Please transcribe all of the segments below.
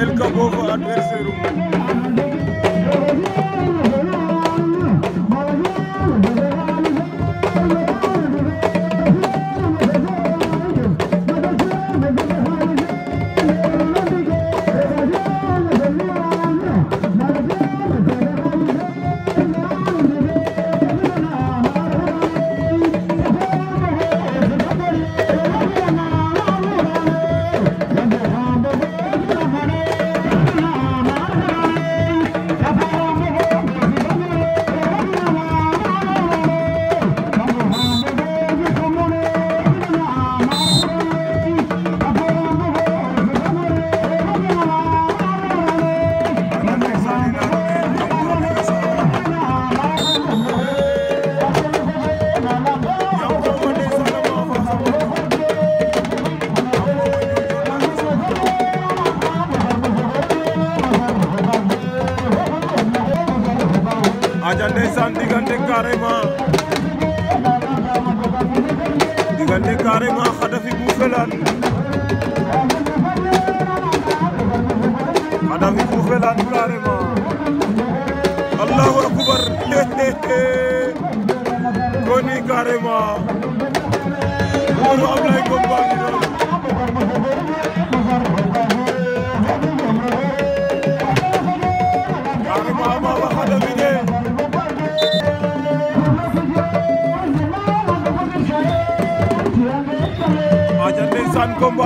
El Kabou fa adversaire ca ndeysaan diggante carrément diggante carrément Khadafi bu Felane Khadafi bu Felane carrément Allahu akbar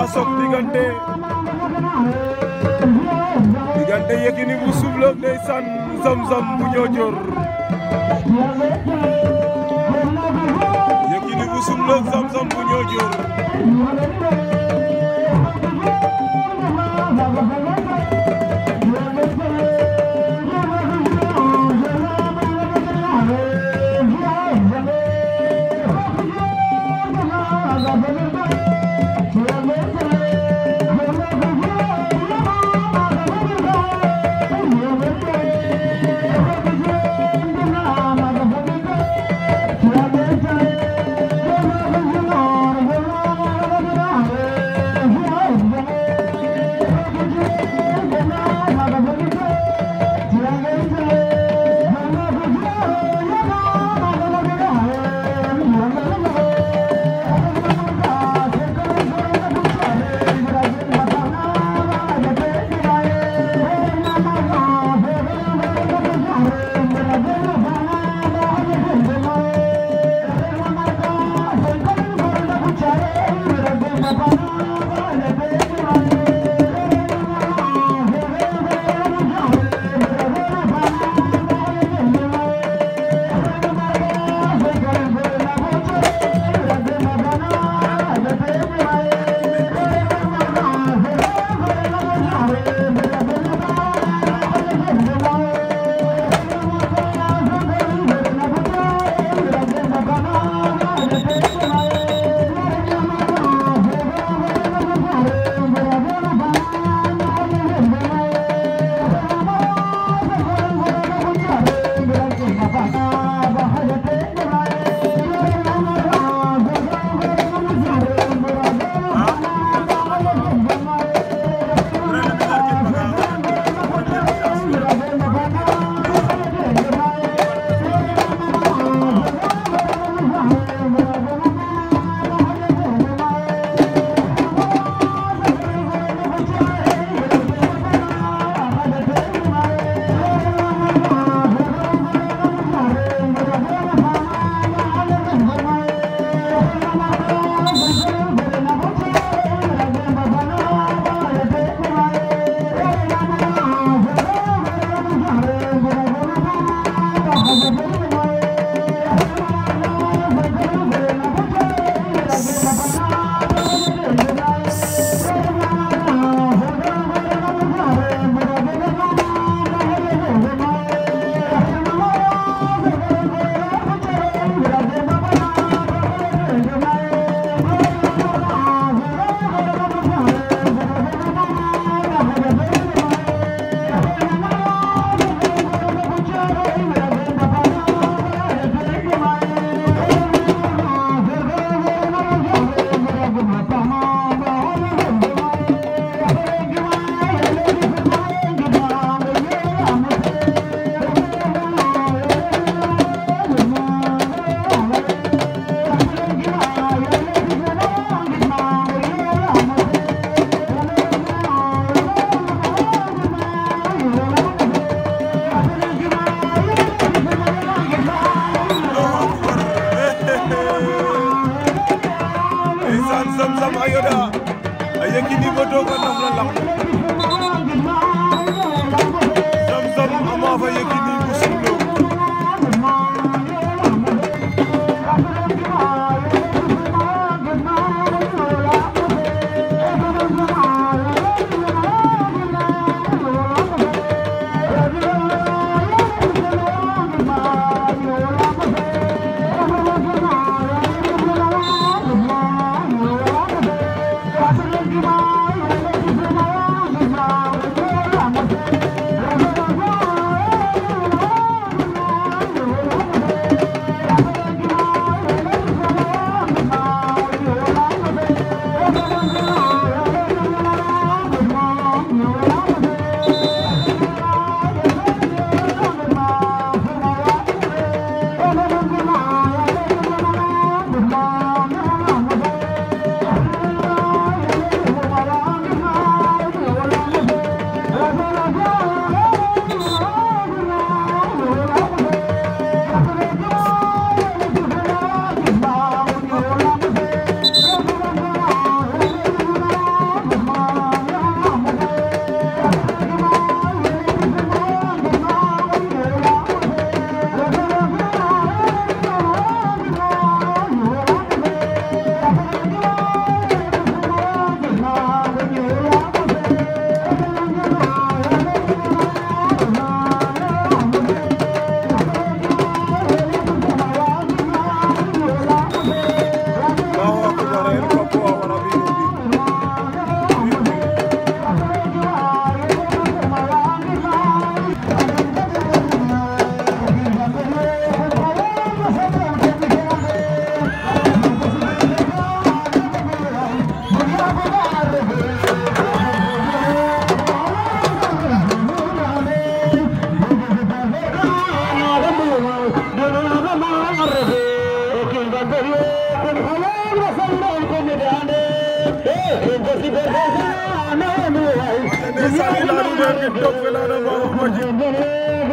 soog diggante diggante Yékini bu suuf la ndeysaan Zamzam bu ñoojoor Yékini bu suuf la Zamzam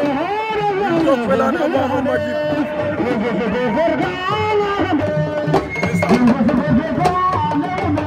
इनको फैलाना मोहन मस्जिद